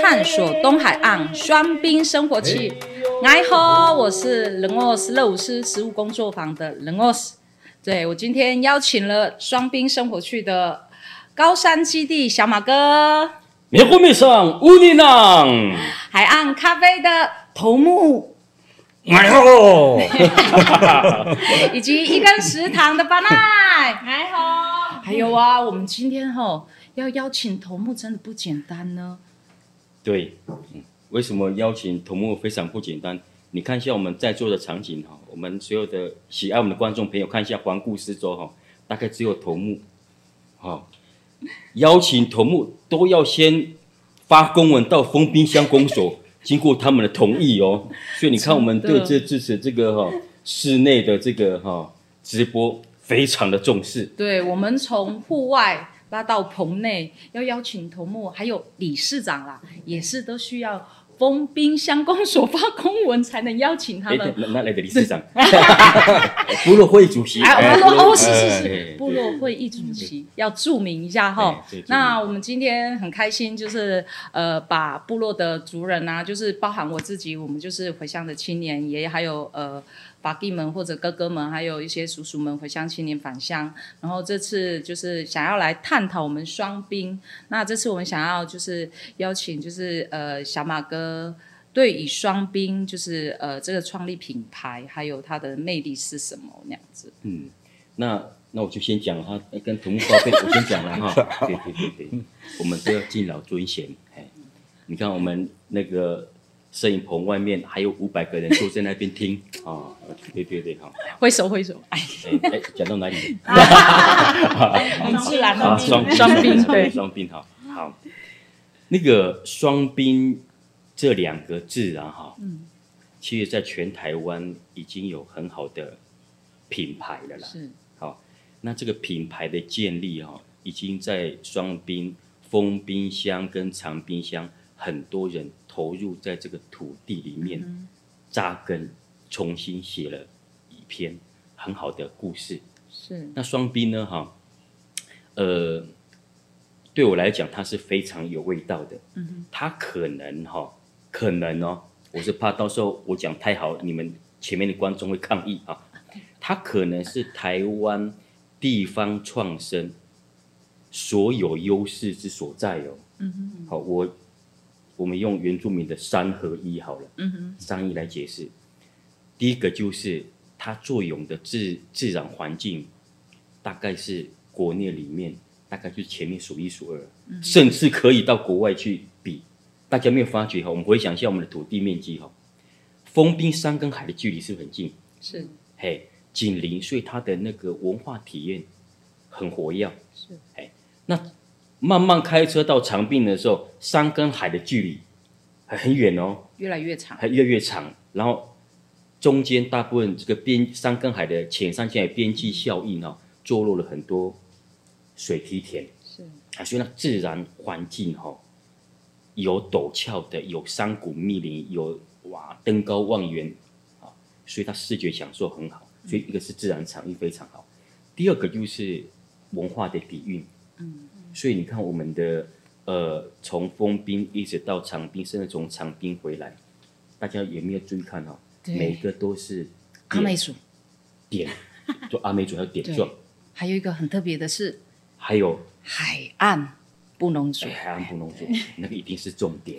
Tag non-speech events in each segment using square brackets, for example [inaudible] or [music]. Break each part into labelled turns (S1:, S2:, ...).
S1: 探索東海岸雙濱生活趣。哎 Hey. 吼，我是冷沃斯樂舞詩拾物工作坊的冷沃斯。對，我今天邀請了雙濱生活趣的高山基地小馬哥，
S2: 美美
S1: 海岸咖啡的頭目，
S2: [laughs]
S1: [laughs] 以及一耕食堂的巴奈，還有啊，我們今天哈、哦、要邀請頭目真的不簡單呢。
S2: 對，為什麼邀請頭目非常不簡單？你看一下我們在座的場景哈、哦，我們所有的喜愛我們的觀眾朋友看一下，環顧四周哈、哦，大概只有頭目。哈、哦，邀請頭目都要先發公文到豐濱鄉公所， [laughs] 經過他們的同意哦。所以你看我們對這這次這個哈、哦、室內的這個哈、哦、直播。非常的重視，
S1: 對，我們從戶外拉到棚內， [laughs] 要邀請頭目，還有理事長啦，也是都需要豐濱鄉公所發公文才能邀請他們。
S2: 那那來的理事長？部落會議主席、哎、我們說哦，是是是，哎、部
S1: 落會議主席對要注明一下哈。那我們今天很開心，就是呃，把部落的族人啊，就是包含我自己，我們就是回鄉的青年，也還有呃。八弟們或者哥哥們，還有一些叔叔們，回鄉青年返鄉。然後這次就是想要來探討我們雙濱。那這次我們想要就是邀請，就是呃小馬哥對於雙濱，就是呃這個創立品牌還有它的魅力是什麼那樣子？嗯，
S2: 那那我就先講哈、啊，跟同花 [laughs] 我先講了哈、啊。對對對對， [laughs] 我們都要敬老尊賢。哎，你看我們那個。攝影棚外面還有五百個人都在那邊聽啊、 [laughs] 哦！對對對好，揮
S3: 手揮手，哎
S2: 哎，講到哪裡？你是男兵，啊、雙濱對，對雙濱哈好，好。那個“雙濱”這兩個字啊哈，嗯，其實，在全台灣已經有很好的品牌了啦。是好，那這個品牌的建立哈、啊，已經在雙濱豐濱鄉跟長濱鄉，很多人。投入在這個土地裡面扎根，重新寫了，一篇很好的故事。是那雙濱呢、啊？哈，呃，對我來講，它是非常有味道的。嗯它哼可能哈、啊，可能哦，我是怕到時候我講太好，你們前面的觀眾會抗議啊。它可能是台灣地方創生所有優勢之所在哦，嗯好、嗯哦、我。我們用原住民的三合一好了，嗯哼，三一來解釋。第一個就是它作用的自自然環境，大概是國內裡面，大概就是前面數一數二，嗯哼，甚至可以到國外去比。大家沒有發覺哈，我們回想一下我們的土地面積哈，豐濱山跟海的距離是很近，是，嘿，緊鄰，所以它的那個文化體驗很活躍，是，嘿。那。慢慢開車到長濱的時候，山跟海的距離還很遠哦，
S1: 越來越長，還越
S2: 來越長。然後中間大部分這個邊山跟海的淺山近海邊際效應哦、啊，坐落了很多水梯田。是啊，所以呢，自然環境哈有陡峭的，有山谷密林，有哇登高望遠啊，所以它視覺享受很好。所以一個是自然場域非常好，嗯、第二個就是文化的底蘊。嗯。所以你看，我們的呃，從豐濱一直到長濱，甚至從長濱回來，大家有沒有注意看哈？每一個都是阿美族，點，就阿美族要點狀。
S1: 還有一個很特別的是，
S2: 還有海岸布農族，海岸布農族那個一定是重點。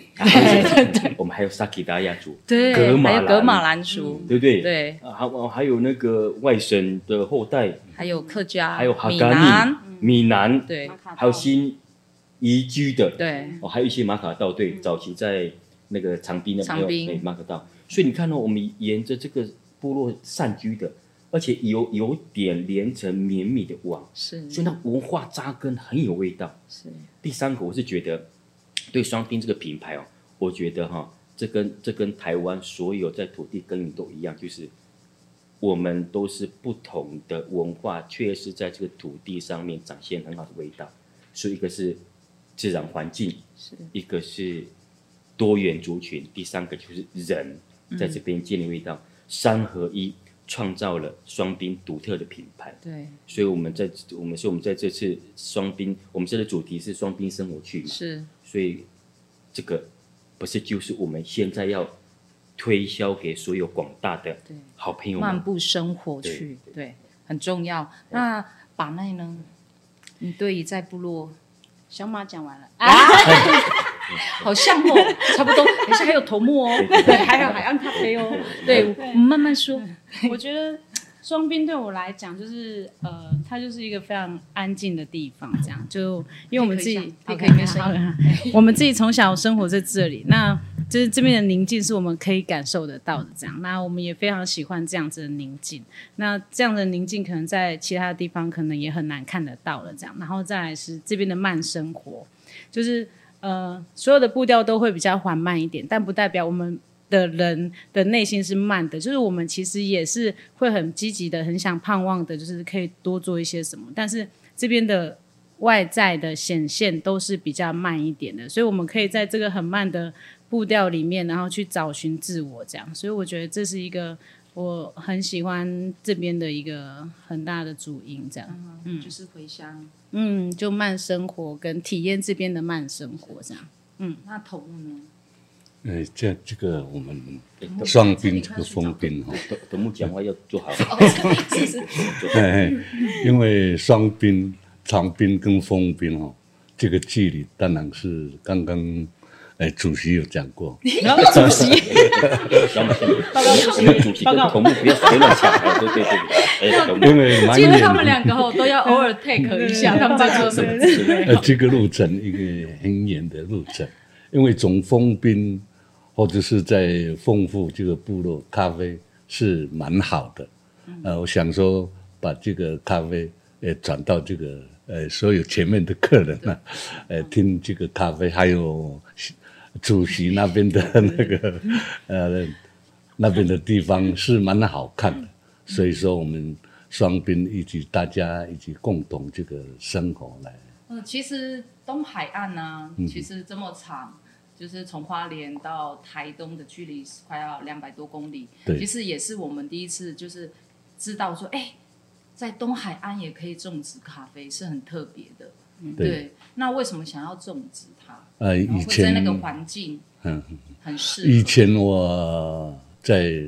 S2: 我們還有薩基達亞族，對，還有噶瑪蘭族，對不對？對，還有那個外省的後代，
S1: 還有客家，還有閩南
S2: 閩南對，還有新移居的對，哦，還有一些馬卡道對，嗯、早期在那個長濱那邊，長濱。對，馬卡道。所以你看呢、哦，我們沿着這個部落散居的，而且有有點連成綿密的網，是，所以那文化紮根很有味道。是。第三個，我是覺得，對雙濱這個品牌哦，我覺得哈、哦，這跟這跟台灣所有在土地耕耘都一樣，就是。我們都是不同的文化，確實在這個土地上面展現很好的味道。所以一個是自然環境，是一個是多元族群，第三個就是人在這邊建立味道。嗯、三合一創造了雙濱獨特的品牌。對，所以我們在我們說我們在這次雙濱，我們這個主題是雙濱生活趣嘛。是。所以這個不是就是我們現在要。推銷給所有廣大的好朋友，漫步
S1: 生活趣，對，很重要。那 Panay 呢？你對在部落，小馬講完了啊，好像哦，差不多，好像還有頭目哦，還有海岸咖啡哦，對，慢慢說。
S3: 我覺得。雙濱對我來講，就是呃，它就是一個非常安靜的地方，這樣就因為我們自己可以沒聲了。我們自己從小生活在這裡， [laughs] 那就是這邊的寧靜是我們可以感受得到的。這樣，那我們也非常喜歡這樣子的寧靜。那這樣的寧靜，可能在其他的地方，可能也很難看得到的。這樣，然後再來是這邊的慢生活，就是呃，所有的步調都會比較緩慢一點，但不代表我們。的人的內心是慢的，就是我們其實也是會很積極的，很想盼望的，就是可以多做一些什麼。但是這邊的外在的顯現都是比較慢一點的，所以我們可以在這個很慢的步調裡面，然後去找尋自我，這樣。所以我覺得這是一個我很喜歡這邊的一個很大的主因，這樣。
S1: 嗯，
S3: 嗯，就是回鄉。嗯，就慢生活跟體驗這邊的慢生活，這樣。
S1: 頭嗯，那頭目呢？
S4: 哎、欸，這這個我們雙濱、豐濱、哈，董董木講話要做好。因為雙濱、長濱跟豐濱哈，這個距離當然是剛剛，哎，主席有講過。主席，主席，主席，講，因為他們兩個
S1: 都要偶爾 take
S2: 一下，他們在做
S4: 什麼？呃，這個路程一個很遠的路程，因為總豐濱。或者是在豐富這個部落咖啡是蠻好的，呃，我想說把這個咖啡呃轉到這個呃所有前面的客人呢、啊，呃，聽這個咖啡，還有主席那邊的那個呃那邊的地方是蠻好看的，所以說我們雙濱一起，大家一起共同這個生活來。嗯，
S1: 其實東海岸呢，其實這麼長。就是從花蓮到台東的距離是快要兩百多公里，對其實也是我們第一次就是知道說，哎，在東海岸也可以種植咖啡，是很特別的。嗯、對，對。那為什麼想要種植它？呃、
S4: 啊，以前在那個環境，很適合、嗯。以前我在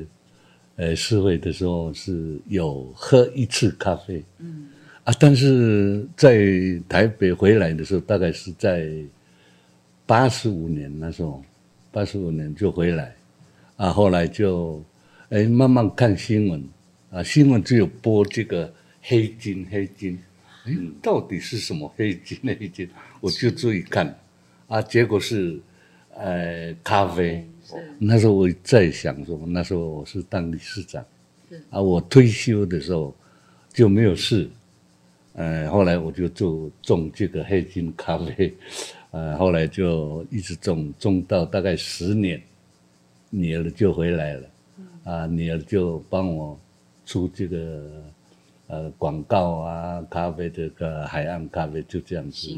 S4: 呃社會的時候是有喝一次咖啡，嗯、啊，但是在台北回來的時候，大概是在。八十五年那時候，八十五年就回來，啊，後來就哎慢慢看新聞，啊，新聞只有播這個黑金黑金，嗯，到底是什麼黑金黑金？我就注意看，是啊，結果是呃咖啡。那時候我在想說，那時候我是當理事長，是啊，我退休的時候就沒有事，嗯，呃，後來我就做種這個黑金咖啡。呃，後來就一直種，種到大概十年，女兒就回來了，啊，嗯、女兒就幫我出這個呃廣告啊，咖啡這個海岸咖啡就這樣子，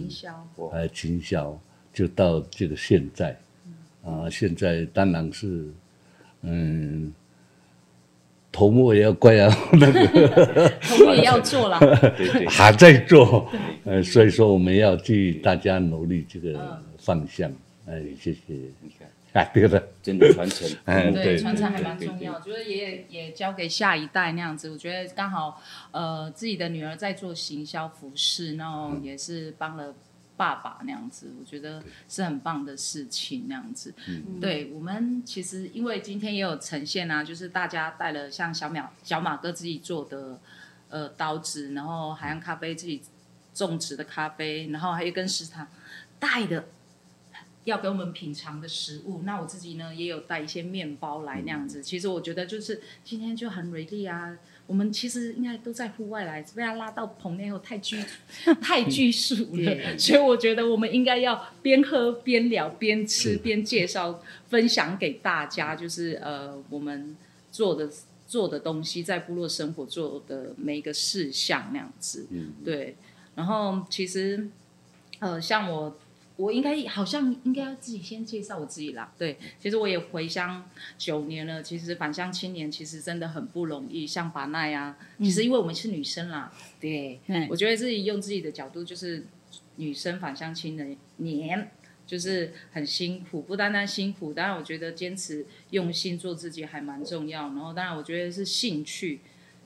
S4: 還有經銷，就到這個現在，嗯、啊，現在當然是，嗯。頭目也要管，啊，那個頭目也要做了，對對，還在做，呃，所以說我們要替大家努力這個方向，哎，謝謝，你看，哎，對的，真的傳承，嗯，對，傳承還蠻重要，覺得
S1: 也也交給下一代那樣子，我覺得剛好，呃，自己的女兒在做行銷服飾，然後也是幫了。爸爸那樣子，我覺得是很棒的事情。那樣子，對，對我們其實因為今天也有呈現啊，就是大家帶了像小淼、小馬哥自己做的呃刀子，然後海岸咖啡自己種植的咖啡，然後還有一耕食堂帶的要給我們品嘗的食物。那我自己呢也有帶一些麵包來那樣子。其實我覺得就是今天就很 ready 啊。我們其實應該都在戶外來，被他拉到棚內後太拘太拘束了。嗯、所以我覺得我們應該要邊喝邊聊，邊吃邊介紹分享給大家。就是，是呃我們做的做的東西，在部落生活做的每一個事項那樣子，嗯、對，然後其實呃像我。我應該好像應該要自己先介紹我自己啦。對，其實我也回鄉九年了。其實返鄉青年其實真的很不容易，像巴奈啊，其實因為我們是女生啦。嗯、對，我覺得自己用自己的角度，就是女生返鄉青年年、嗯、就是很辛苦，不單單辛苦。當然，我覺得堅持用心做自己還蠻重要。然後，當然我覺得是興趣，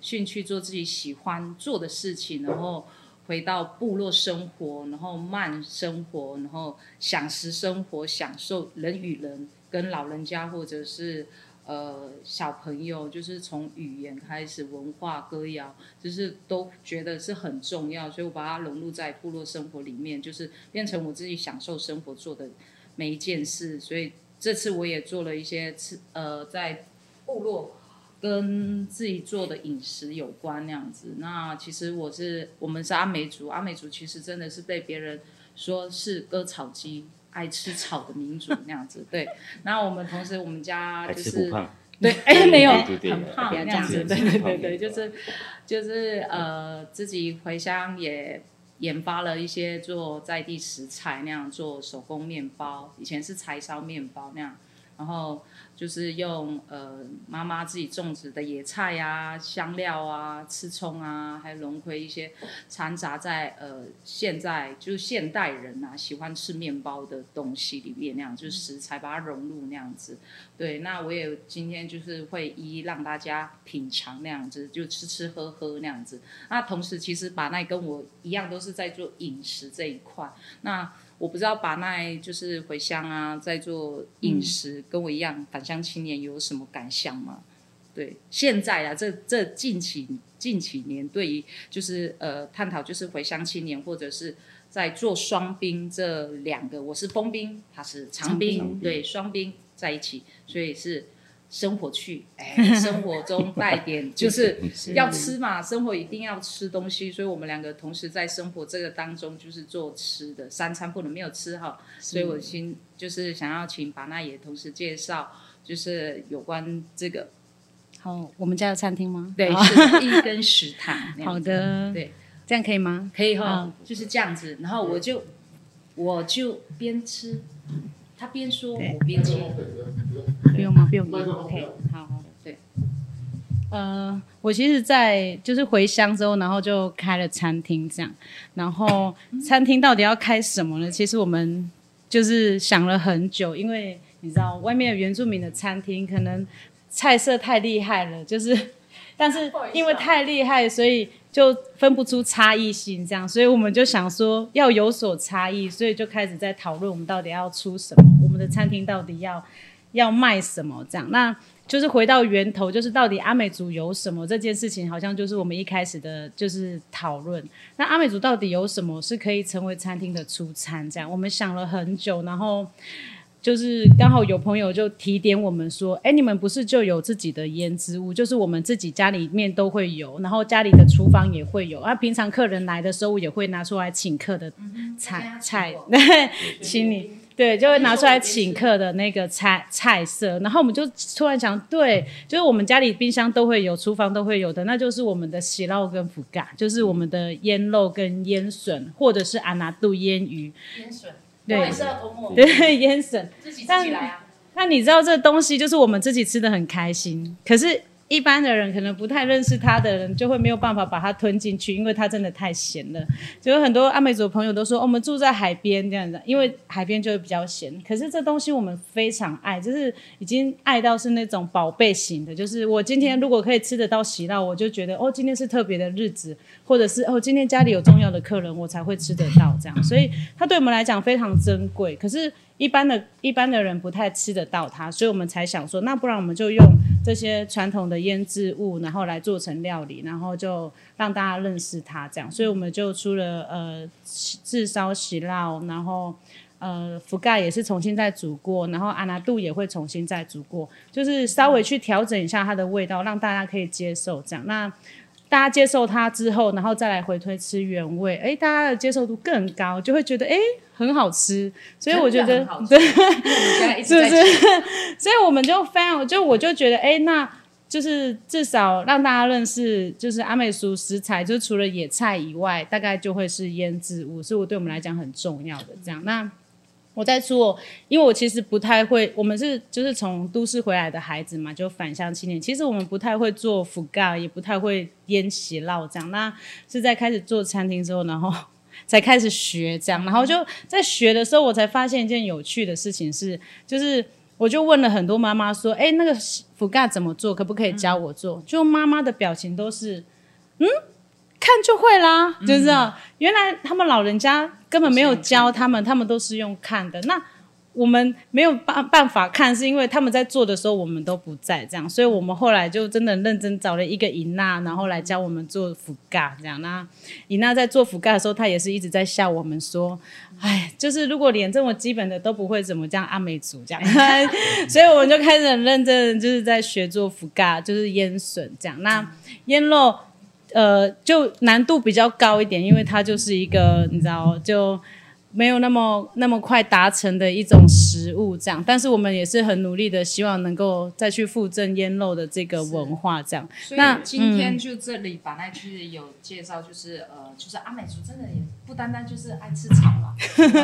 S1: 興趣做自己喜歡做的事情，然後。回到部落生活，然後慢生活，然後享食生活，享受人與人、跟老人家或者是呃小朋友，就是從語言開始、文化、歌謠，就是都覺得是很重要，所以我把它融入在部落生活裡面，就是變成我自己享受生活做的每一件事。所以這次我也做了一些次呃，在部落。跟自己做的飲食有關那樣子，那其實我是我們是阿美族，阿美族其實真的是被別人說是割草機，愛吃草的民族那樣子， [laughs] 對。那我們同時我們家就是對，哎、欸、沒有對對對很胖、啊、對對對那樣子，對對對，就是就是呃自己回鄉也研發了一些做在地食材那樣做手工面包，以前是柴燒面包那樣，然後。就是用呃媽媽自己種植的野菜啊、香料啊、吃蔥啊，還有龍葵一些摻雜在呃現在就是現代人吶、啊、喜歡吃面包的東西裡面那樣，就是食材把它融入那樣子。對，那我也今天就是會一一讓大家品嘗那樣子，就吃吃喝喝那樣子。那同時其實把那跟我一樣都是在做飲食這一塊那。我不知道 Panay 就是回鄉啊，在做飲食，嗯、跟我一樣返鄉青年有什麼感想嗎？對，現在啊，這這近期近幾年對於就是呃探討就是回鄉青年或者是在做雙濱這兩個，我是豐濱，他是長濱，長濱對，雙濱在一起，所以是。生活趣，哎，生活中帶點，就是要吃嘛， [laughs] 生活一定要吃東西。所以我們兩個同時在生活這個當中，就是做吃的，三餐不能沒有吃哈。所以我先就是想要請巴奈同時介紹，就是有關這個，
S3: 好，我們家的餐廳嗎？對，是
S1: 一耕食堂。 [laughs] 好的，對，這樣可以嗎？可以哈，好就是這樣子。然後我就我就邊吃。他
S3: 邊說對我邊切。不用嗎？不用,用，OK，好,好，對，呃，我其實在，在就是回鄉之後，然後就開了餐廳，這樣，然後餐廳到底要開什麼呢？其實我們就是想了很久，因為你知道，外面原住民的餐廳可能菜色太厲害了，就是，但是因為太厲害，所以。就分不出差異性，這樣，所以我們就想說要有所差異，所以就開始在討論我們到底要出什麼，我們的餐廳到底要要賣什麼，這樣。那就是回到源頭，就是到底阿美族有什麼這件事情，好像就是我們一開始的就是討論，那阿美族到底有什麼是可以成為餐廳的出餐，這樣。我們想了很久，然後。就是剛好有朋友就提點我們說，哎，你們不是就有自己的醃漬物？就是我們自己家裡面都會有，然後家裡的廚房也會有，啊，平常客人來的時候也會拿出來請客的菜菜，嗯、 [laughs] 請你 [laughs] 對，就會拿出來請客的那個菜菜色。然後我們就突然想，對，嗯、就是我們家裡冰箱都會有，廚房都會有的，那就是我們的洗酪跟覆干，就是我們的醃肉跟醃筍，或者是阿拿度醃魚。醃
S4: 對，對
S3: ，yes。但但、啊、你知道這東西，就是我們自己吃的很開心，可是。一般的人可能不太認識他的人，就會沒有辦法把它吞進去，因為它真的太鹹了。就有很多阿美族朋友都說、哦，我們住在海邊這樣子，因為海邊就會比較鹹。可是這東西我們非常愛，就是已經愛到是那種寶貝型的。就是我今天如果可以吃得到喜到，我就覺得哦，今天是特別的日子，或者是哦，今天家裡有重要的客人，我才會吃得到這樣。所以它對我們來講非常珍貴。可是。一般的、一般的人不太吃得到它，所以我們才想說，那不然我們就用這些傳統的醃製物，然後來做成料理，然後就讓大家認識它，這樣。所以我們就出了呃自燒喜酪，然後呃覆蓋也是重新再煮過，然後阿那度也會重新再煮過，就是稍微去調整一下它的味道，讓大家可以接受這樣。那大家接受它之後，然後再來回推吃原味，哎，大家的接受度更高，就會覺得，哎，很好吃，所以我覺得對，是不是？所以我們就非常，就我就覺得哎，那就是至少讓大家認識，就是阿美族食材，就是除了野菜以外，大概就會是醃製物，所以對我們來講很重要的這樣那。我在做，因為我其實不太會。我們是就是從都市回來的孩子嘛，就返鄉青年。其實我們不太會做福咖，也不太會醃鹹肉這樣。那是在開始做餐廳之後，然後才開始學這樣。嗯、然後就在學的時候，我才發現一件有趣的事情是，就是我就問了很多媽媽說，哎、欸，那個福咖怎麼做？可不可以教我做？嗯、就媽媽的表情都是，嗯。看就會啦，嗯、就是、啊、原來他們老人家根本沒有教他們，他們都是用看的。那我們沒有辦辦法看，是因為他們在做的時候我們都不在，這樣。所以我們後來就真的認真找了一個伊娜，然後來教我們做福嘎。這樣。那伊娜在做福嘎的時候，她也是一直在笑我們說：“哎，就是如果連這麼基本的都不會，怎麼叫阿美族這樣？”嗯、 [laughs] 所以我們就開始很認真，就是在學做福嘎，就是醃筍這樣。那醃肉。呃，就難度比較高一點，因為它就是一個，你知道，就沒有那麼那麼快達成的一種食物這樣。但是我們也是很努力的，希望能夠再去復振醃肉的這個文化這樣。那今天
S1: 就這裡把那句有介紹，就是呃，就是阿美族真的也不單單就是愛吃草嘛，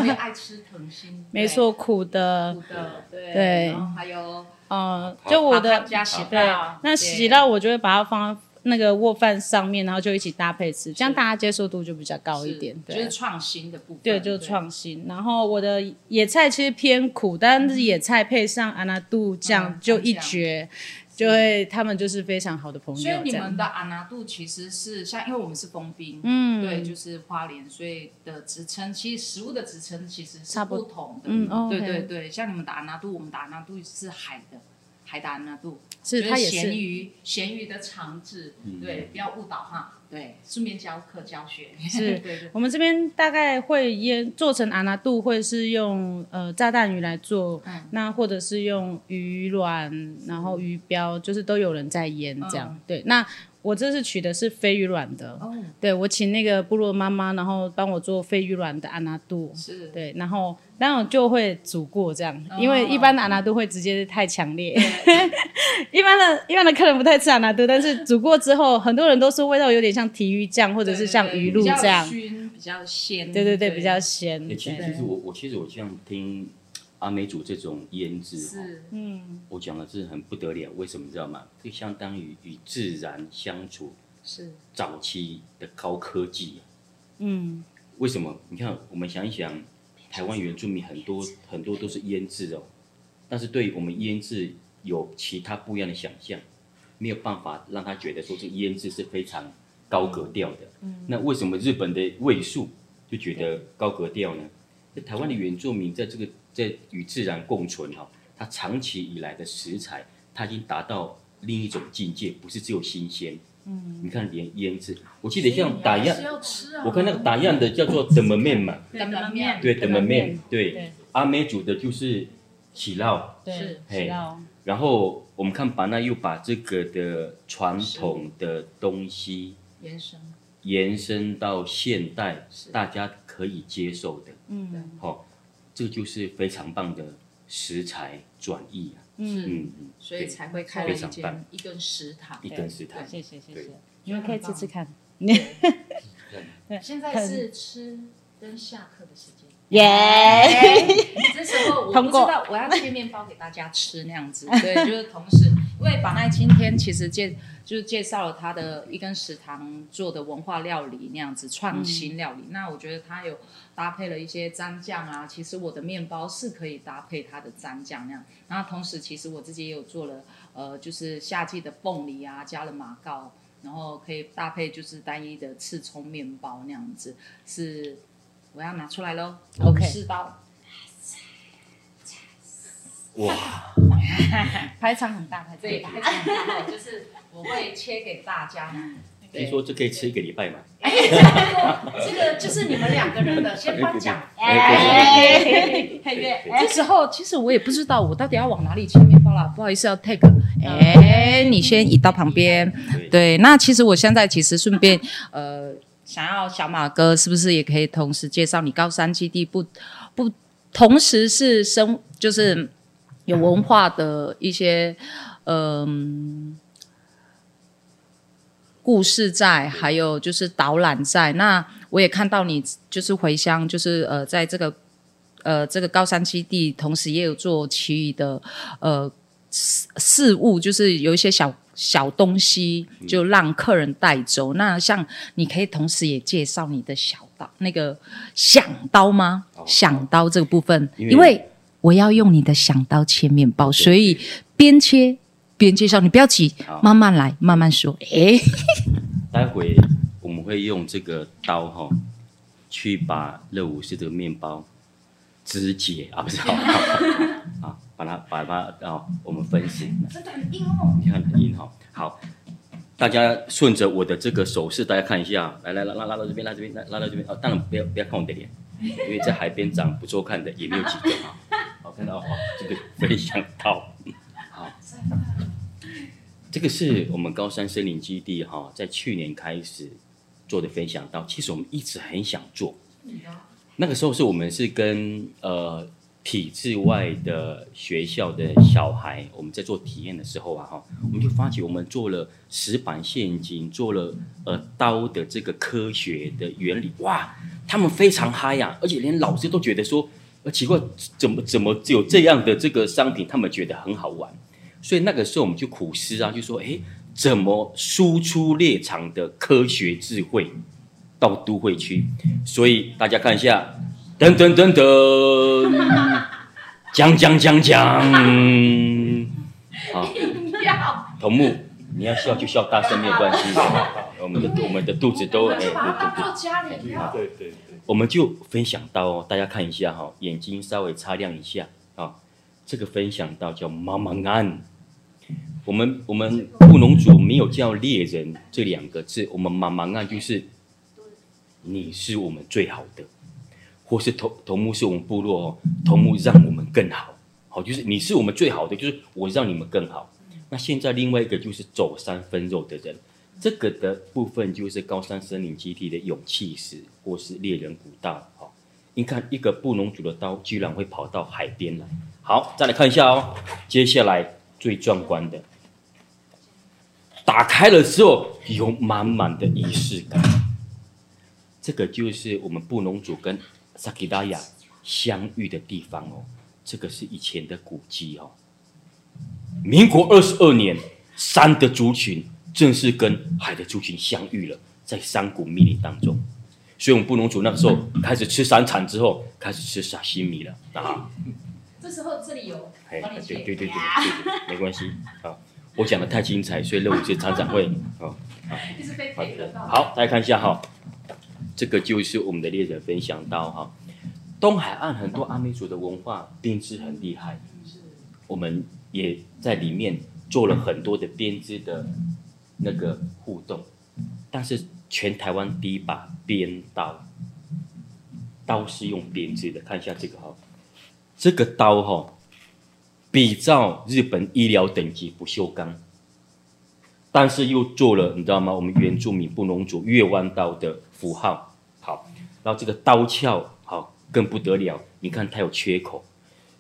S1: 也 [laughs] 愛吃藤
S3: 心，沒錯錯，對苦的，苦的，對，嗯、對還有，嗯，就我的，爬爬對，對那洗到我就會把它放。那個握飯上面，然後就一起搭配吃，這樣大家接受度就比較高一點。對，就是
S1: 創新的
S3: 部分。對，就是創新。然後我的野菜其實偏苦，但是野菜配上安娜度醬就一絕，就會他們就是非常好的朋友。所以你們的
S1: 安娜度其實是像，因為我們是豐濱，嗯，對，就是花蓮，所以的職稱，其實食物的職稱其實是不同的。嗯，對對對，像你們打安娜度，我們打安娜度是海的海打安娜度。是鹹魚，鹹魚的腸子，嗯、對，不要誤導哈。對，順便教課教學。是， [laughs] 對我
S3: 們這邊大概會醃做成阿拿度，會是用呃炸彈魚來做，嗯、那或者是用魚卵，然後魚鰾，是就是都有人在醃這樣，嗯、對，那。我這次取的是飛魚卵的，哦、對，我請那個部落媽媽，然後幫我做飛魚卵的阿娜度，是，對，然後然後就會煮過這樣，哦、因為一般的阿娜度會直接太強烈， [laughs] 一般的一般的客人不太吃阿那度，但是煮過之後，很多人都說味道有點像鯷魚醬，或者是像魚露這樣，對對
S1: 對比較鮮，比較鮮，對，對
S3: 對對，比較鮮。欸、其實其實我
S2: 我其實我這樣聽。阿美族這種醃製，哦，嗯，我講的是很不得了，為什麼你知道嗎？就相當於與自然相處，是早期的高科技，嗯，為什麼？你看，我們想一想，台灣原住民很多很多都是醃製哦，但是對於我們醃製有其他不一樣的想象，沒有辦法讓他覺得說這醃製是非常高格調的。嗯，那為什麼日本的味素就覺得高格調呢？嗯，台灣的原住民在這個。在與自然共存哈，它長期以來的食材，它已經達到另一種境界，不是只有新鮮。嗯，你看連醃制，我記得像打樣，我看那個打樣的叫做德門面嘛，
S1: 德門面，對德門面，對
S2: 阿美煮的就是起烙，對，
S1: 起撈。
S2: 然後我們看 Panay 又把這個的傳統的東西延伸，延伸到現代，是大家可以接受的。嗯，好。這就是非常棒的食材轉移啊！嗯嗯，
S1: 所以才會開了一間一耕食堂，一耕食堂，謝謝謝謝，你們可以吃吃
S3: 看。現在
S1: 是吃跟下課的時間，耶！這時候我不知道我要切面包給大家吃那樣子，所以就是同時，因為 Panay 今天其實見。就是介紹了他的一耕食堂做的文化料理那樣子創新料理，嗯嗯，那我覺得他有搭配了一些蘸醬啊，其實我的面包是可以搭配他的蘸醬那樣，然後同時其實我自己也有做了，呃，就是夏季的鳳梨啊，加了馬告，然後可以搭配就是單一的刺蔥面包那樣子，是我要拿出來嘍、嗯、OK，
S3: 試刀
S2: 哇！排 [laughs] 場
S1: 很大，排場很大，對，
S3: 排場很大，就是。
S1: 我會切
S2: 給大家。聽說就可以吃一個禮拜嘛？這個就是你們兩個人的先頒
S1: 獎。哎，太這時候其實我也不知道我到底要往哪裡切麵包了，不好意思要 take、欸。哎，你先移到旁邊。對，那其實我現在其實順便呃，想要小馬哥是不是也可以同時介紹你高山基地不？不不，同時是生就是有文化的一些嗯、呃。故事在，還有就是導覽在。那我也看到你就是回鄉，就是呃，在這個呃這個高山基地，同時也有做其餘的呃事事物，就是有一些小小東西就讓客人帶走。嗯、那像你可以同時也介紹你的小刀，那個分享刀嗎？分享刀這個部分，因為，因為我要用你的分享刀切麵包，Okay 所以邊切。別人介紹你不要急，好慢慢來，慢慢說。誒、欸，
S2: 待會我們會用這個刀哈、哦，去把樂舞詩這個麵包肢解啊，不是好好、好、好，把它把它啊、哦。我們分析。你看很硬哈、哦，硬哦、好，大家順着我的這個手勢，大家看一下，來來來，拉拉到這邊，拉這邊，拉拉到這邊哦。當然不要不要看我的臉，
S4: 因為在海
S2: 邊長不錯看的 [laughs] 也沒有幾個啊。好，好看到哦，這個分享這個是我們高山森林基地哈、哦，在去年開始做的分享刀，其實我們一直很想做。那個時候是我們是跟呃體制外的學校的小孩，我們在做體驗的時候啊哈、哦，我們就發覺，我們做了石板陷阱、做了呃刀的這個科學的原理，哇，他們非常嗨呀、啊，而且連老師都覺得說，呃奇怪，怎麼怎麼有這樣的這個商品，他們覺得很好玩。所以那個時候我們就苦思啊，就說：哎、欸，怎麼輸出獵場的科學智慧到都會區？所以大家看一下，噔噔噔噔，講講講講，好，頭目，你要笑就笑大聲，沒關係，我們的我們的肚子都哎，對對對，對，我們就分享到、哦，大家看一下哈、哦，眼睛稍微擦亮一下啊、哦，這個分享刀叫 MAMANGAN。我們我們布農族沒有叫獵人這兩個字，我們慢慢按就是，你是我們最好的，或是頭，頭目是我們部落哦，頭目讓我們更好，好就是你是我們最好的，就是我讓你們更好。那現在另外一個就是走山分肉的人，這個的部分就是高山森林基地的勇氣石，或是獵人古道。好、哦，你看一個布農族的刀居然會跑到海邊來。好，再來看一下哦，接下來最壯觀的。打開了之後有滿滿的儀式感，這個就是我們布農族跟撒奇萊雅相遇的地方哦。這個是以前的古蹟哦。民國二十二年，山的族群正式跟海的族群相遇了，在山谷密林當中。所以，我們布農族那個時候開始吃山產之後，開始吃沙西米了啊。
S1: 這時候這裡有，
S2: 哎啊、對,對對對對對，沒關係啊。我講得太精彩，所以任務是常常會、 [laughs] 哦，好好，好，大家看一下哈、哦，這個就是我們的獵人分享刀哈、哦，東海岸很多阿美族的文化編織很厲害，是我們也在裡面做了很多的編織的那個互動，但是全台灣第一把編刀，刀是用編織的，看一下這個哈、哦，這個刀哈。哦比照日本醫療等級不鏽鋼，但是又做了，你知道嗎？我們原住民不能走月彎刀的符號，好，然後這個刀鞘好更不得了，你看它有缺口，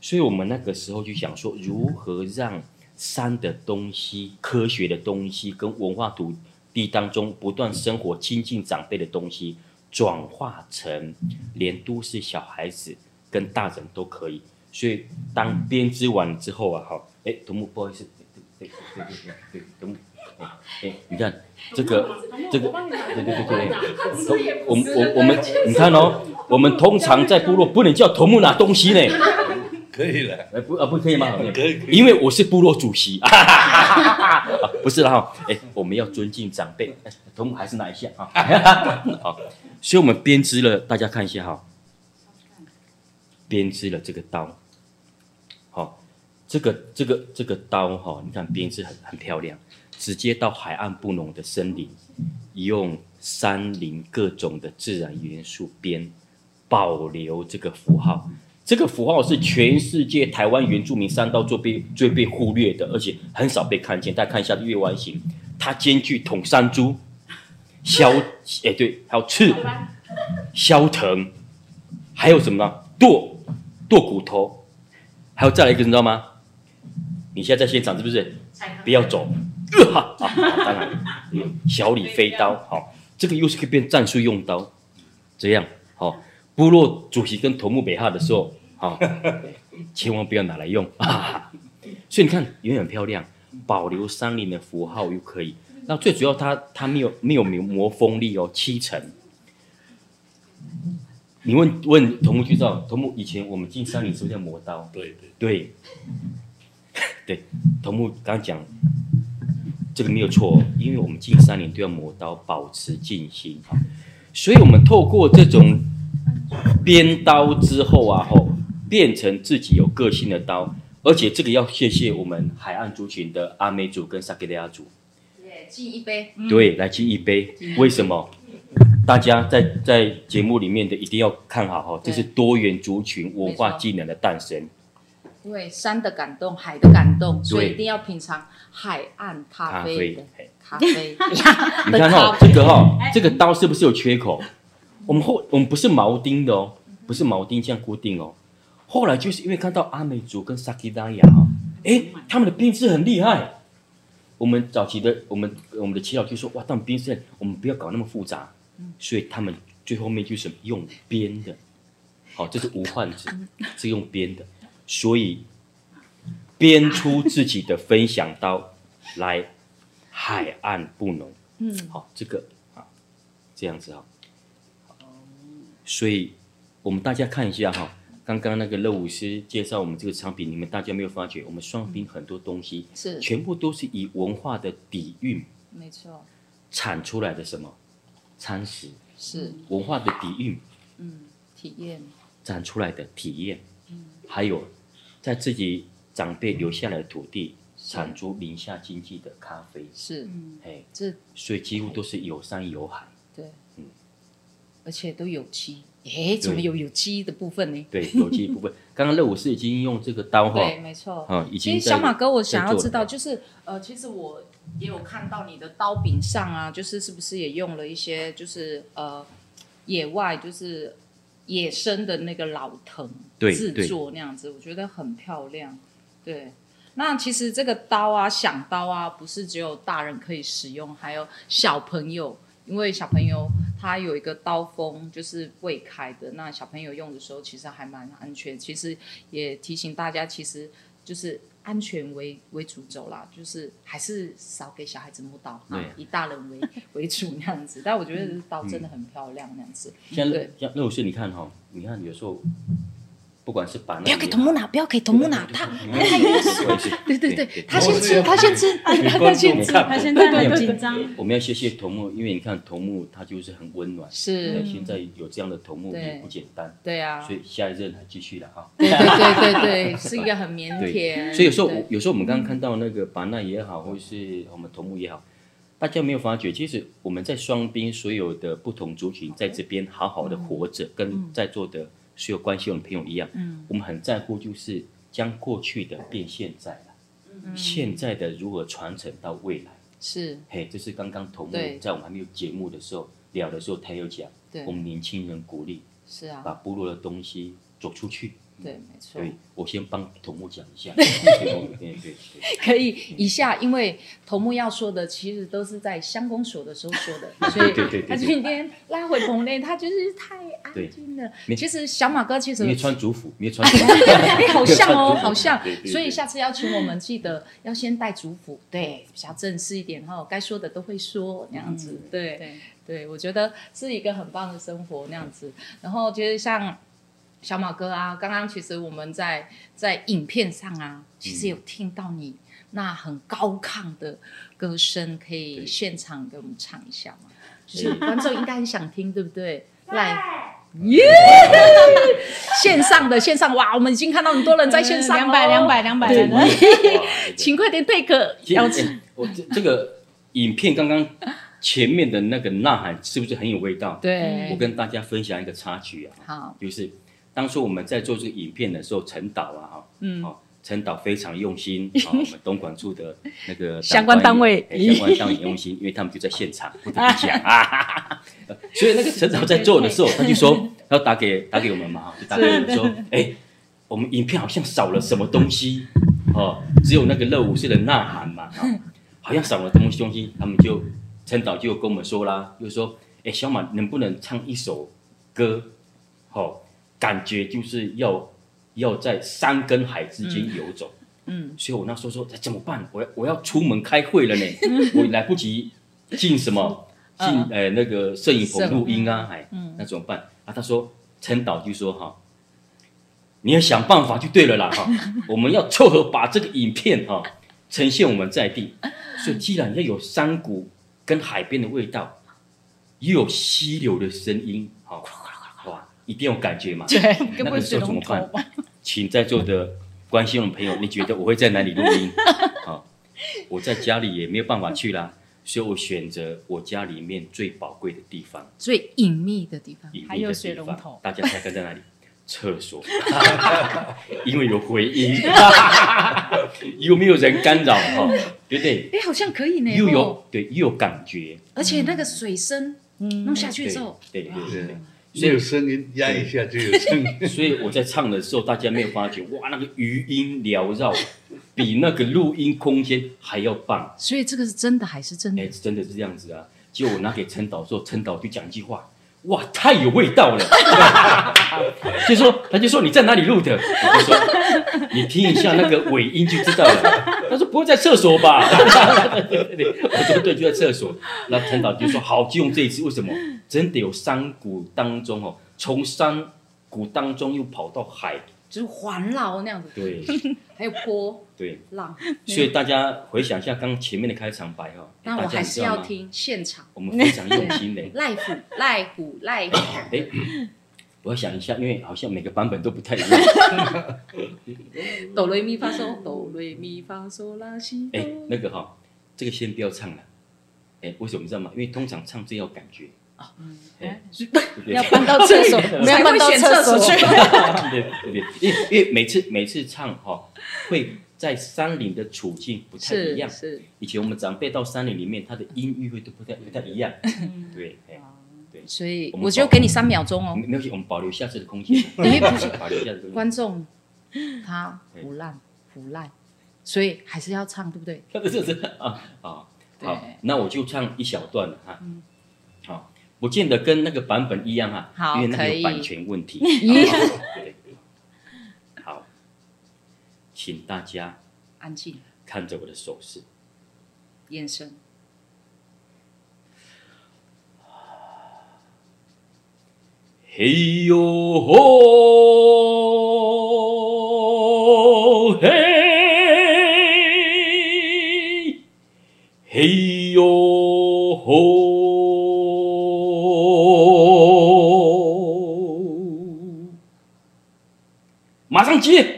S2: 所以我們那個時候就想說，如何讓山的東西、嗯、科學的東西跟文化土地當中不斷生活、親近長輩的東西，轉化成連都市小孩子跟大人都可以。所以，當編織完之後啊，好、欸，哎，頭目，不好意思，對對對對對對，頭目，哎、欸，你看這個這個，對對對對，同、這個，我我我們，我們對，你看哦、喔，我們通常在部落不能叫頭目拿東西呢。啊、可以了，不啊不，可以嗎？啊、可以，因為我是部落主席。啊、不是了哈、喔，哎、欸，我們要尊敬長輩，同、欸、頭目還是拿一下啊。好，所以我們編織了，大家看一下哈、喔，編織了這個刀。這個這個這個刀哈、哦你看邊是很很漂亮，直接到海岸布農的森林，用山林各種的自然元素編，保留這個符號。這個符號是全世界台灣原住民山刀最被最被忽略的，而且很少被看見。大家看一下月彎形，它兼具捅山豬、削誒、欸、對，還有刺、削藤拜，還有什麼呢？剁剁骨頭，還有再來一個，你知道嗎？你現在在現場是不是？不要走、呃哈啊、當然，小李飛刀好、哦，這個又是可以變戰術用刀，這樣好、哦。部落主席跟頭目北漢的時候好、哦，千萬不要拿來用。啊、所以你看，永遠漂亮，保留山林的符號又可以。那最主要它，它它沒有沒有磨，磨鋒利哦，七成。你問問頭目就知道，頭目以前我們進山林是不是要磨刀？對對對。對對對，頭目剛剛講這個沒有錯，因為我們近三年都要磨刀，保持靜心、啊、所以我們透過這種編刀之後啊，吼，變成自己有個性的刀，而且這個要謝謝我們海岸族群的阿美族跟撒奇萊雅族。對，yeah,
S1: 敬一杯。對，來
S2: 敬一杯。一杯為什麼？大家在在節目裡面的一定要看好哈，這是多元族群文化技能的誕生。
S1: 因為山的感動，海的感動，所以一定要品嘗海岸咖啡的咖啡。你
S2: 看哈，這個哈，這個刀是不是有缺口？我們後我們不是鉚釘的哦，不是鉚釘這樣固定哦。後來就是因為看到阿美族跟撒奇萊雅，誒，他們的編織很厲害。我們早期的我們我們的耆老就說哇，當編織，我們不要搞那麼複雜。所以他們最後面就是用編的，好，這是無患子，是用編的。所以編出自己的分享刀來，海岸布農，嗯，好，這個啊，這樣子哈，所以我們大家看一下哈，剛剛那個樂舞詩介紹我們這個產品，你們大家沒有發覺，我們雙濱很多東西是全部都是以文化的底蘊，沒錯錯，產出來的什麼餐食
S1: 是
S2: 文化的底蘊，嗯，
S1: 體驗
S2: 產出來的體驗，嗯，還有。在自己長輩留下來的土地產出林下經濟的咖啡是，哎，所以幾乎都是有山有海，
S1: 對，嗯，而且都有機。哎，怎麼有有機的部分呢？對，有機的
S2: 部分，剛剛樂舞詩已經用這個刀，對，沒錯，嗯，其實小馬哥，我想要知
S1: 道，就是呃，其實我也有看到你的刀柄上啊，就是是不是也用了一些，就是呃，野外就是。野生的那個老藤製作那樣子，我覺得很漂亮。對，那其實這個刀啊、分享刀啊，不是只有大人可以使用，還有小朋友，因為小朋友他有一個刀鋒就是未開的，那小朋友用的時候其實還蠻安全。其實也提醒大家，其實就是。安全為為主軸啦，就是還是少給小孩子摸刀，以、啊啊、大人為 [laughs] 為主那樣子。但我覺得刀真的很漂亮那樣子。
S2: 現在那我是你看哈，你看有時候。嗯不管是 Panay，不要給頭目
S1: 拿，不要給頭目拿，他他也是，對對對，他先吃他先吃，他他先吃他先吃，他現在很緊張！
S2: 我們要謝謝頭目，因為你看頭目他就是很溫暖。是，現在有這樣的頭目也不簡單。對啊，所以下一任還繼續了啊。對對對對，是一個很靦腆。所以有時候我有時候我們剛剛看到那個 Panay 也好，或是我們頭目也好，大家沒有發覺，其實我們在雙濱所有的不同族群在這邊好好的活着，跟在座的。所有關係，我們朋友一樣，我們很在乎，就是將過去的變現在，
S1: 現
S2: 在的如何傳承到未來。是，嘿，這是剛剛頭目在我們還沒有節目的時候聊的時候，他有講，對，我們年輕人鼓勵，是啊，把部落的東西走出去。對，沒錯。所以我先幫頭目講一下。對
S1: 可以，以下因為頭目要說的其實都是在鄉公所的時候說的，所以他今天拉回棚內，他就是太。真的，其實小馬哥其實你穿族服，你穿，你好像哦，好像，所以下次邀請我們，記得要先帶族服，對，比較正式一點，然後該說的都會說，那樣子，對，對，我覺得是一個很棒的生活那樣子。然後其實像小馬哥啊，剛剛其實我們在在影片上啊，其實有聽到你那很高亢的歌聲，可以現場給我們唱一下就是，觀眾應該很想聽，對不對？來。耶 Yeah! [laughs] 線上的線上哇，我們已經看到很多人在線上。兩百兩百兩百，請快點配合，實要緊吃、欸。我
S2: 這這個影片剛剛前面的那個吶喊是不是很有味道？對，我跟大家分享一個插曲啊，好，就是當初我們在做這個影片的時候，陳導啊，哈，嗯，哦陳導非常用心、哦，我們東管處的那個相關單位，欸、相關單位用心，因為他們就在現場，不停的講啊。啊所以那個陳導在做的時候，是他就說要打給打給我們嘛，就打給我們說，哎的、欸，我們影片好像少了什麼東西，哦，只有那個樂舞詩的吶喊嘛、哦，好像少了東東西，他們就陳導就跟我們說啦，就是、說，哎、欸，小馬能不能唱一首歌，好、哦，感覺就是要。要在山跟海之間游走，嗯，嗯，所以我那時候說，怎麼辦？我要我要出門開會了呢，嗯、我來不及進什麼進、嗯呃、那個攝影棚錄音啊，麼哎，那怎麼辦？啊，他說陳導就說哈、啊，你要想辦法就對了啦哈，啊、 [laughs] 我們要湊合把這個影片哈、啊、呈現我們在地，所以既然要有山谷跟海邊的味道，又有溪流的聲音，好、啊，好吧，一定要有感覺嘛，對那個時候怎麼辦？ [laughs] 請在座的關心我們朋友，你覺得我會在哪裡錄音、？ [laughs] 哦？我在家裡也沒有辦法去啦，所以我選擇我家裡面最寶貴的地方，
S1: 最隱秘的地方，地方還有水龍頭，大家猜猜在哪
S2: 裡？廁 [laughs] 所， [laughs] [laughs] 因為有回音， [laughs] 有沒有人干擾？哈、哦，對不對？哎、
S1: 欸，好像可以呢，又有、哦、
S2: 對，又有感覺，而
S1: 且那個水聲嗯，弄下去之後，嗯、
S2: 對，對，對對對。所以有聲音壓一下就有聲音， [laughs] 所以我在唱的時候，大家沒有發覺，哇，那個餘音繚繞，比那個錄音空間還要棒。所以這個是真的還是真的？哎、欸，真的是這樣子啊！就我拿給陳導說，陳 [laughs] 導就講一句話。哇，太有味道了！ [laughs] 就說他就說你在哪裡錄的？ [laughs] 我就說
S4: 你聽一下那個
S2: 尾音就知道了。 [laughs] 他說不會在廁所吧？ [laughs] [laughs] 對對對，我說對，就在廁所。那陳 [laughs] 導就說好，就用這一次。為什麼？真的有山谷當中哦，從山谷當中又跑到海。
S1: 就是環繞那樣子，對，還有波，對浪。所以
S2: 大家回想一下剛前面的開場白哦，那我還是要聽
S1: 現場，我們非常用心的。live，live，live。
S2: 哎，我想一下，因為好像每個版本都不太一樣。
S1: 哆來咪發嗦，哆來咪發嗦拉西。
S3: 哎，
S2: 那個哈、哦，這個先不要唱了。哎、欸，為什麼這樣嘛？因為通常唱最有感覺。要搬到廁所，要搬到廁所去。因為每次每次唱哈，會在山林的處境不太一樣，是以前我們長輩到山林裡面，他的音域會都不太不太一樣。對，對，所以我就給你三秒鐘哦。沒有，我們保留下次的空間。觀
S1: 眾他腐爛腐爛，所以還是要唱，對不對？啊，
S2: 好，那我就唱一小段了哈。不見得跟那個版本一樣哈、啊，好因為那個有版權問題。好，請大家安靜，看着我的手勢，
S1: 靜眼神。呦。
S2: Hey, oh, oh, hey, hey, oh. 雞，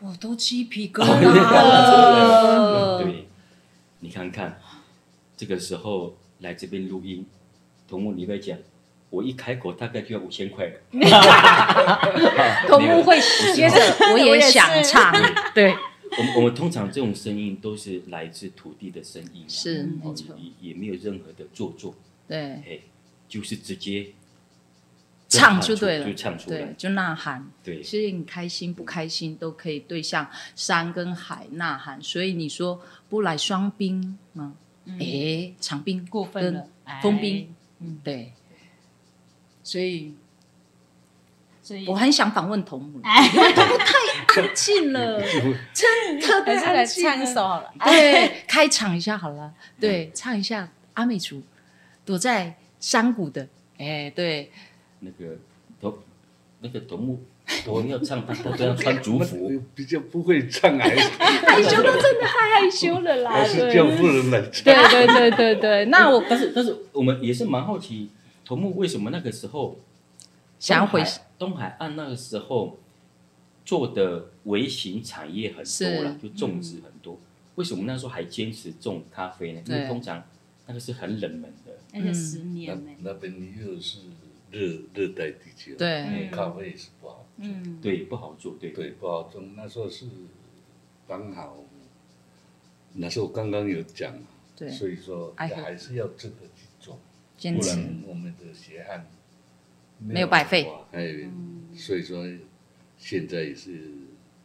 S1: 我都雞皮疙瘩了、 [laughs] 嗯。對，
S2: 你看看，這個時候來這邊錄音，頭目你會講，我一開口大概就要五千塊了。頭 [laughs] 目、 [laughs] 啊、會，其實
S1: 我也想是。對，
S2: 我們我們通常這種聲音都是來自土地的聲音、啊， [laughs] 是也也沒有任何的做作。
S1: 對、
S2: 欸，就是直接。唱就對了，對，
S1: 就吶喊。對，其實你開心不開心都可以對向山跟海吶喊。所以你說不來雙濱嗯，哎、嗯，長濱，過分了，豐、哎、濱、嗯。對。所以，所以我很想訪問頭目，頭目、哎、太安靜了，真的。 [laughs] 還是來唱一首好了，哎、對，開場一下好了，對，哎、唱一下阿美族躲在山谷的，哎，對。
S4: 那個頭，那個頭目，頭要唱，他都要穿族服， [laughs] 比較不會唱啊， [laughs] 害
S2: 羞到真的
S1: 太害羞了
S2: 啦，對對對
S1: 對對，那我但是但是
S2: 我們也是蠻好奇，頭目為什麼那個時候，想要回東海岸那個時候做的微型產業很多了，是就種植很多，嗯、為什麼那時候還堅持種咖啡呢？對因為通常那個是很冷門的，對
S3: 嗯、那個十
S2: 年
S4: 那邊又是。熱熱帶地區，對嗯、咖啡也是不好，對不好做，嗯、對不好種。那時候是剛好，那時候我剛剛有講，對所以說還是要這個去做，持不然我們，我們的血汗沒有，沒有白費。還有，所以說現在也是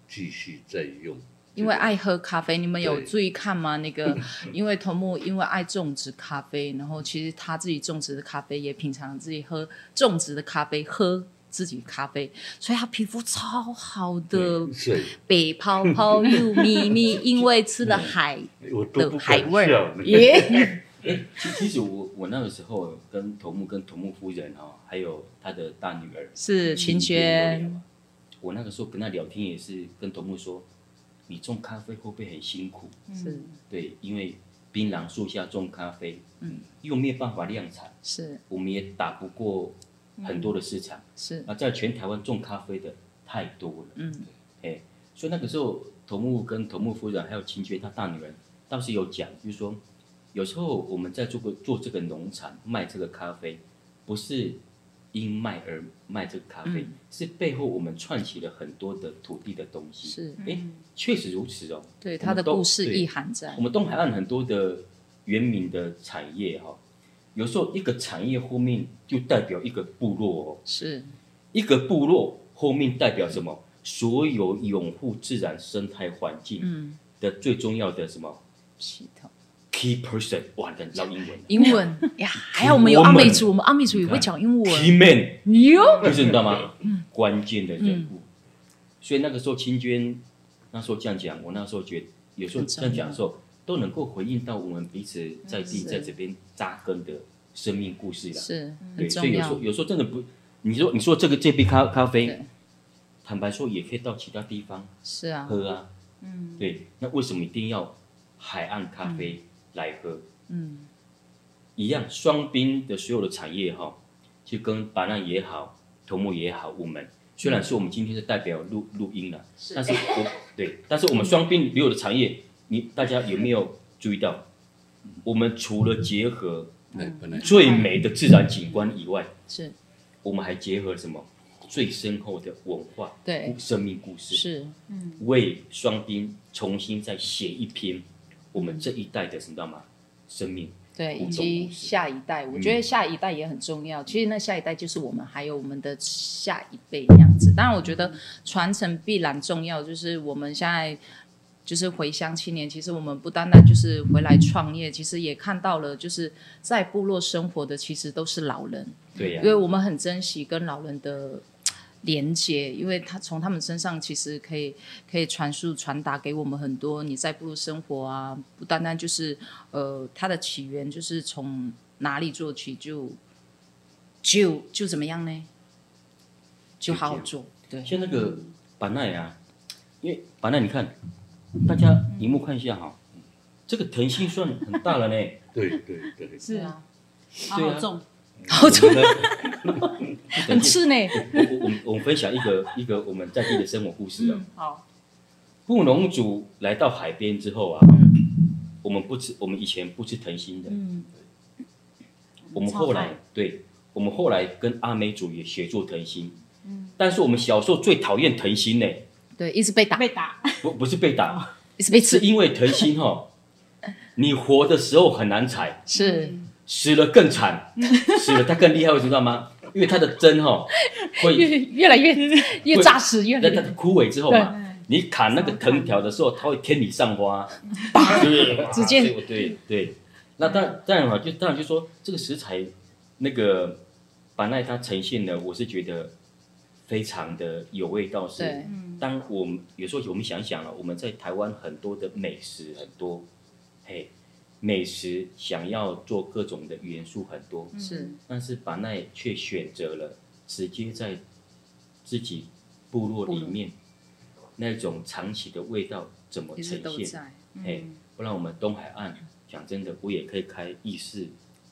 S4: 繼續在用。因為愛喝咖啡，你們有注
S1: 意看嗎？對那個因為頭目因為愛種植咖啡，然後其實他自己種植的咖啡也品嘗自己喝種植的咖啡，喝自己咖啡，所以他皮膚超好的，水白泡泡又咪咪， [laughs] 因為吃了海
S2: 的海味耶。其實我我那個時候跟頭目跟頭目夫人哈、哦，還有他的大女兒是晴軒，我那個時候跟他聊天也是跟頭目說。你種咖啡會不會很辛苦？是，對，因為檳榔樹下種咖啡，嗯，又沒有辦法量產，是，我們也打不過很多的市場，嗯、是啊，而在全台灣種咖啡的太多了，嗯，哎、欸，所以那個時候，頭目跟頭目夫人還有清潔，那大女兒，當時有講，就是、說有時候我們在做個做這個農場賣這個咖啡，不是。因賣而賣這個咖啡，嗯、是背後我們串起了很多的土地的東西。是，哎、嗯，欸、確實如此哦、喔。對，它的故事意涵
S1: 在，對，在我們東海
S2: 岸很多的原民的產業哈、喔，嗯，有時候一個產業後面就代表一個部落哦、喔。是，一個部落後面代表什麼？所有擁護自然生態環境的最重要的什麼、嗯、系統。Key person，完整講英文。
S1: 英文呀，還好我們有阿美族，我們阿美族也會講英文。
S2: Key man，你就是你知道嗎？關鍵的人物。所以那個時候，青娟那時候這樣講，我那時候覺得有時候這樣講的時候，都能夠回應到我們彼此在地在這邊扎根的生命故事了。是，對。所以有時候有時候真的不，你說你說這個這杯咖咖啡，坦白說也可以到其他地方是啊喝啊，嗯，對，那為什麼一定要海岸咖啡？來和，嗯，一樣，雙濱的所有的產業哈，就跟白浪也好，頭目也好，我們、嗯、雖然是我們今天是代表錄錄音了，是，但是我對，但是我們雙濱所有的產業，你大家有沒有注意到？我們除了結合最美的自然景觀以外，是、嗯，我們還結合什麼？最深厚的文化，對，生命故事，是，嗯，為雙濱重新再寫一篇。我們這一代的、嗯、知道嗎？生命
S1: 對，以及下一代，我覺得下一代也很重要。嗯、其實那下一代就是我們，還有我們的下一輩這樣子。當然，我覺得傳承必然重要。就是我們現在就是回鄉青年，其實我們不單單就是回來創業，其實也看到了，就是在部落生活的其實都是老人。
S4: 對啊，因為我
S1: 們很珍惜跟老人的。連接，因為他從他們身上其實可以可以傳輸傳達給我們很多。你在步入生活啊，不單單就是呃，它的起源就是從哪裡做起就，
S2: 就就就怎麼樣呢？就好好做。對，對像那個 Panay 啊，因為 Panay 你看、嗯、你看大家熒幕看一下哈、喔，這個藤心算很大了呢、欸。 [laughs] 對對對。是啊，好，好重。對啊。好吃呢，很
S1: 刺呢。
S2: 我我我們分享一個一個我們在地的生活故事啊。好，布農族來到海邊之後啊，我們不吃，我們以前不吃藤心的。
S4: 我們後來，
S2: 對，我們後來跟阿美族也學做藤心。但是我們小時候最討厭藤心呢。
S1: 對，一直被打。被打。
S2: 不不是被打，是被吃。是因為藤心哈，你活的時候很難踩。是。死了更慘，死了它更厲害，你知道嗎？因為它的針哈
S1: 會越越來越越扎實，
S2: 越來越枯萎之後嘛，你砍那個藤條的時候，它會添你上花，對不對？直接對對，那但這就當然就說這個食材那個把那它呈現的，我是覺得非常的有味道。是，當我們有時候我們想想了，我們在台灣很多的美食很多，嘿。美食，想要做各種的元素很多，是、嗯，但是巴奈卻選擇了直接在自己部落裡面那種長期的味道怎麼呈現？哎、嗯，不然我們東海岸講、嗯、真的，不也可以開意式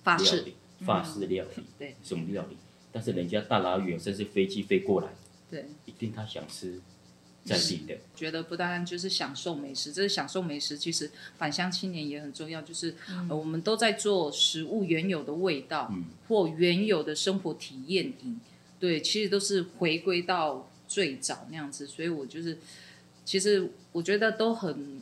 S2: 料理、法式、嗯好、料理、什麼料理？嗯、但是人家大老遠甚至飛機飛過來，對，一定他想吃。
S1: 是覺得不單單就是享受美食，這、就是享受美食，其實返鄉青年也很重要，就是我們都在做食物原有的味道，嗯、或原有的生活體驗，對，其實都是回歸到最早那樣子，所以我就是，其實我覺得都很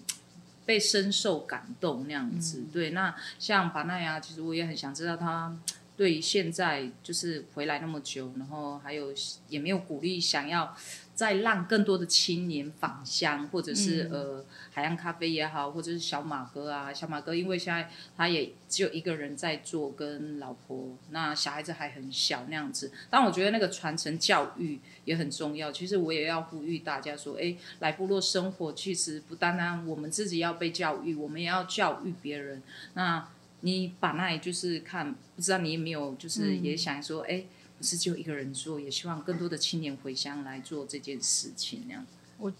S1: 被深受感動那樣子，嗯、對，那像巴奈亞，其實我也很想知道他對於現在就是回來那麼久，然後還有也沒有鼓勵想要。在讓更多的青年返鄉，或者是、嗯、呃海岸咖啡也好，或者是小馬哥啊，小馬哥，因為現在他也只有一個人在做，跟老婆，那小孩子還很小那樣子。但我覺得那個傳承教育也很重要。其實我也要呼籲大家說，哎、欸，來部落生活，其實不單單我們自己要被教育，我們也要教育別人。那你把那裡就是看，不知道你有沒有就是也想說，哎、嗯。不是就一個人做，也希望更多的青年回鄉來做這件事情，那樣。
S3: 我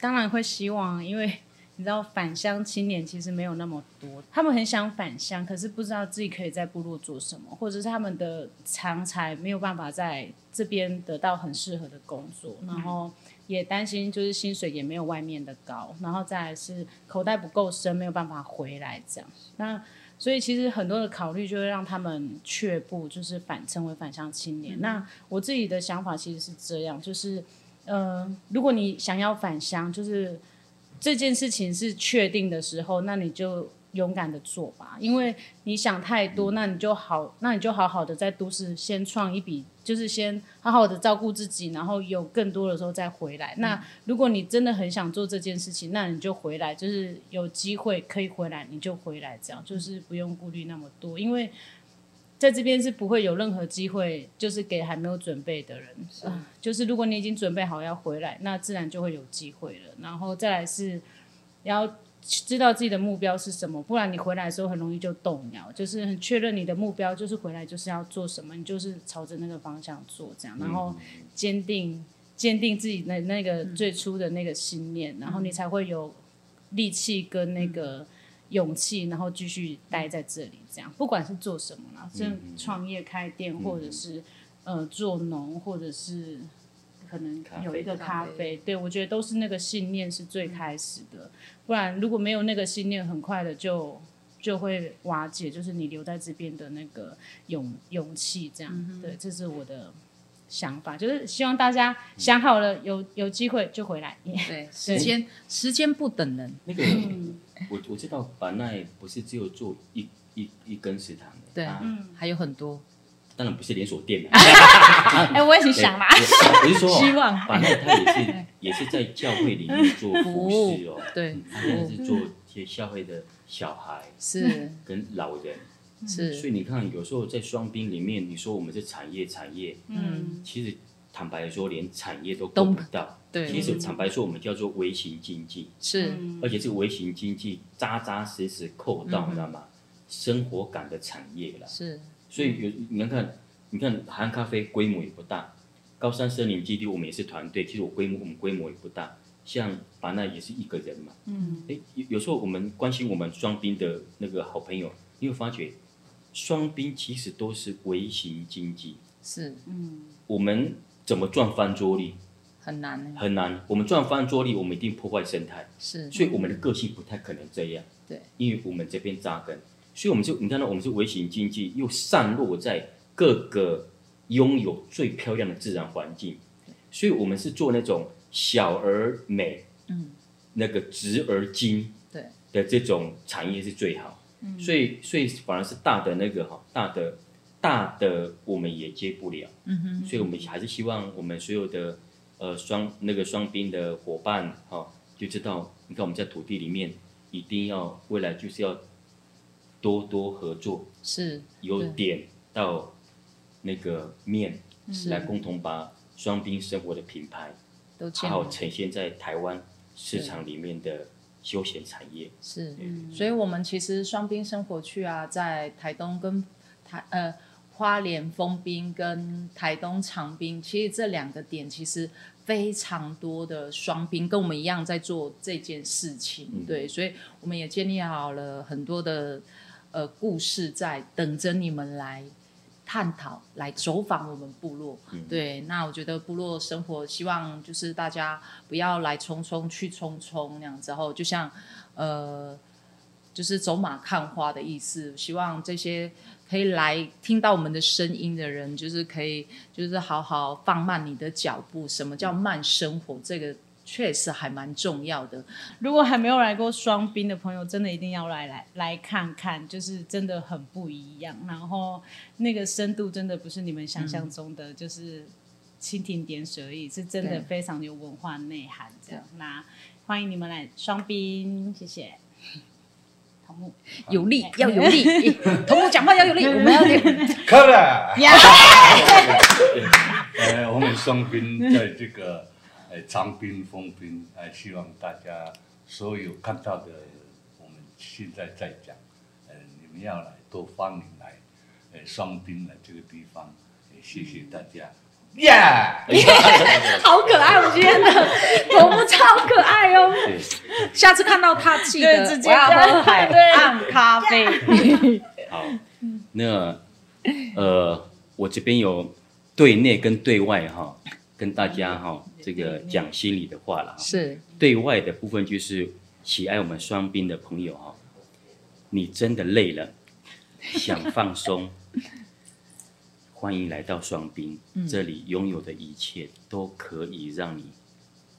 S3: 當然會希望，因為你知道返鄉青年其實沒有那麼多，他們很想返鄉，可是不知道自己可以在部落做什麼，或者是他們的長才沒有辦法在這邊得到很適合的工作，然後也擔心就是薪水也沒有外面的高，然後再來是口袋不夠深，沒有辦法回來這樣。那。所以其實很多的考慮就會讓他們卻步，就是反成為返鄉青年。嗯、那我自己的想法其實是這樣，就是，呃，如果你想要返鄉，就是這件事情是確定的時候，那你就。勇敢的做吧，因為你想太多，那你就好，那你就好好的在都市先創一筆，就是先好好的照顧自己，然後有更多的時候再回來。那如果你真的很想做這件事情，那你就回來，就是有機會可以回來你就回來，這樣就是不用顧慮那麼多，因為在這邊是不會有任何機會，就是給還沒有準備的人。嗯是、呃，就是如果你已經準備好要回來，那自然就會有機會了。然後再來是要。知道自己的目標是什麼，不然你回來的時候很容易就動搖。就是很確認你的目標，就是回來就是要做什麼，你就是朝着那個方向做這樣，然後堅定堅定自己的那個最初的那個信念，然後你才會有力氣跟那個勇氣，然後繼續待在這裡這樣。不管是做什麼了，然後正創業開店，或者是呃做農，或者是可能有一個咖啡，咖啡對，我覺得都是那個信念是最開始的。不然如果沒有那個信念，很快的就就會瓦解，就是你留在這邊的那個勇勇氣，這樣，嗯、哼對，這是我的想法，就是希望大家想好了，嗯、有有
S1: 機會就回來，嗯、對，是時間時間不等人。那個，
S2: 我我知道 Panay 不是只有做一 [laughs] 一一耕食堂
S1: 的，對，嗯、啊，還有很多。
S2: 當然不是連鎖店了。哎，我也是想啦。我是說，反正他也是也是在教會裡面做服務哦。對，他現在是做一些教會的小孩是跟老人是，所以你看，有時候在雙濱裡面，你說我們是產業產業，嗯，其實坦白說，連產業都扣不到。對，其實坦白說，我們叫做微型經濟是，而且這個微型經濟扎扎實實扣到你知道嗎？生活感的產業了是。所以有你們看，你看海岸咖啡規模也不大，高山森林基地我們也是團隊，其實我規模我們規模也不大，像巴奈也是一個人嘛。嗯。誒，有有時候我們關心我們雙濱的那個好朋友，你會發覺，雙濱其實都是微型經濟。是。嗯。我們怎麼賺翻桌率
S1: 很難，欸，很
S2: 難，我們賺翻桌率我們一定破壞生態。是。所以我們的個性不太可能這樣。嗯，對。因為我們這邊扎根。所以我們就，你看到我們是微型經濟，又散落在各個擁有最漂亮的自然環境，所以我們是做那種小而美，嗯、那個直而精，對的這種產業是最好。對所以，所以反而是大的那個哈，大的大的我們也接不了，嗯哼所以我們還是希望我們所有的呃雙那個雙濱的夥伴哈、哦，就知道，你看我們在土地裡面，一定要未來就是要多多合作是，由點到那個面，是來共同把雙濱生活的品牌，
S1: 都好，好
S2: 呈現在台灣市場裡面的休閒產業
S1: 是，對對對，所以我們其實雙濱生活趣啊，在台東跟台呃花蓮豐濱跟台東長濱，其實這兩個點其實非常多的雙濱跟我們一樣在做這件事情，嗯、對，所以我們也建立好了很多的，呃，故事在等着你們來探討，來走訪我們部落。嗯、對，那我覺得部落生活，希望就是大家不要來匆匆去匆匆那樣之後，就像呃，就是走馬看花的意思。希望這些可以來聽到我們的聲音的人，就是可以就是好好放慢你的腳步。什麼叫慢生活？嗯、這個。確實還蠻重要的。如果還沒有來過雙濱的朋友，真的一定要
S3: 來來來看看，就是真的很不一樣。然後那個深度真的不是你們想象中的，嗯、就是蜻蜓點水而已，是真的非常有文化內涵。這樣，那歡迎你們來雙濱，謝謝。
S1: 頭目有力、啊、要有力，同、欸、頭目講話要有力，我們要。有力、yeah! 啊哎哎、
S4: 我們雙濱在這個。哎，長濱、豐濱，希望大家所有看到的，我們現在在講，你們要來，都歡迎來，雙濱來這個地方，謝謝大家。耶、
S1: yeah!！Yeah, 好可愛、哦 [laughs] 我今，我天哪，寵物超可愛哦。對下次看到他記得對直接叫海岸咖啡。
S3: Yeah!
S2: [laughs] 好，那呃，我這邊有對內跟對外哈、哦。跟大家哈，這個講心裡的話了哈。是。對外的部分就是喜愛我們雙濱的朋友哈，你真的累了，想放鬆，歡迎來到雙濱，這裡擁有的一切都可以讓你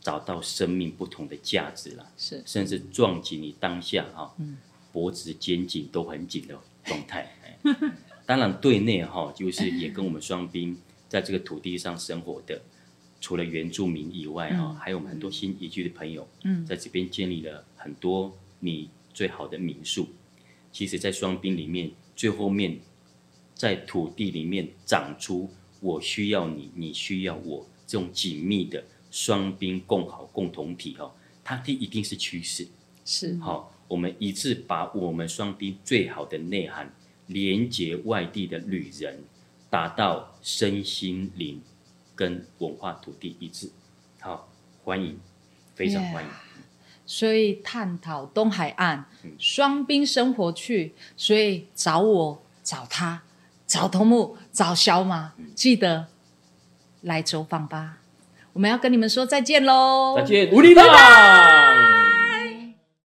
S2: 找到生命不同的價值了。是。甚至撞擊你當下哈，脖子肩頸都很緊的狀態。當然，對內哈，就是也跟我們雙濱在這個土地上生活的。除了原住民以外，哈、嗯，還有我們很多新移居的朋友，嗯、在這邊建立了很多你最好的民宿。嗯、其實，在雙濱裡面，嗯、最後面，在土地裡面長出，我需要你，你需要我，這種緊密的雙濱共好共同體，哦，它一定是趨勢。是，好、哦，我們一致把我們雙濱最好的內涵，連接外地的旅人，達到身心靈。跟文化土地一致，好歡迎，非常歡迎。Yeah,
S1: 所以探索東海岸、嗯、雙濱生活趣。所以找我、找他、
S2: 找頭目、找
S1: 小馬，嗯、記得來走訪吧。我們要跟你們說再見嘍，再見，吳立邦。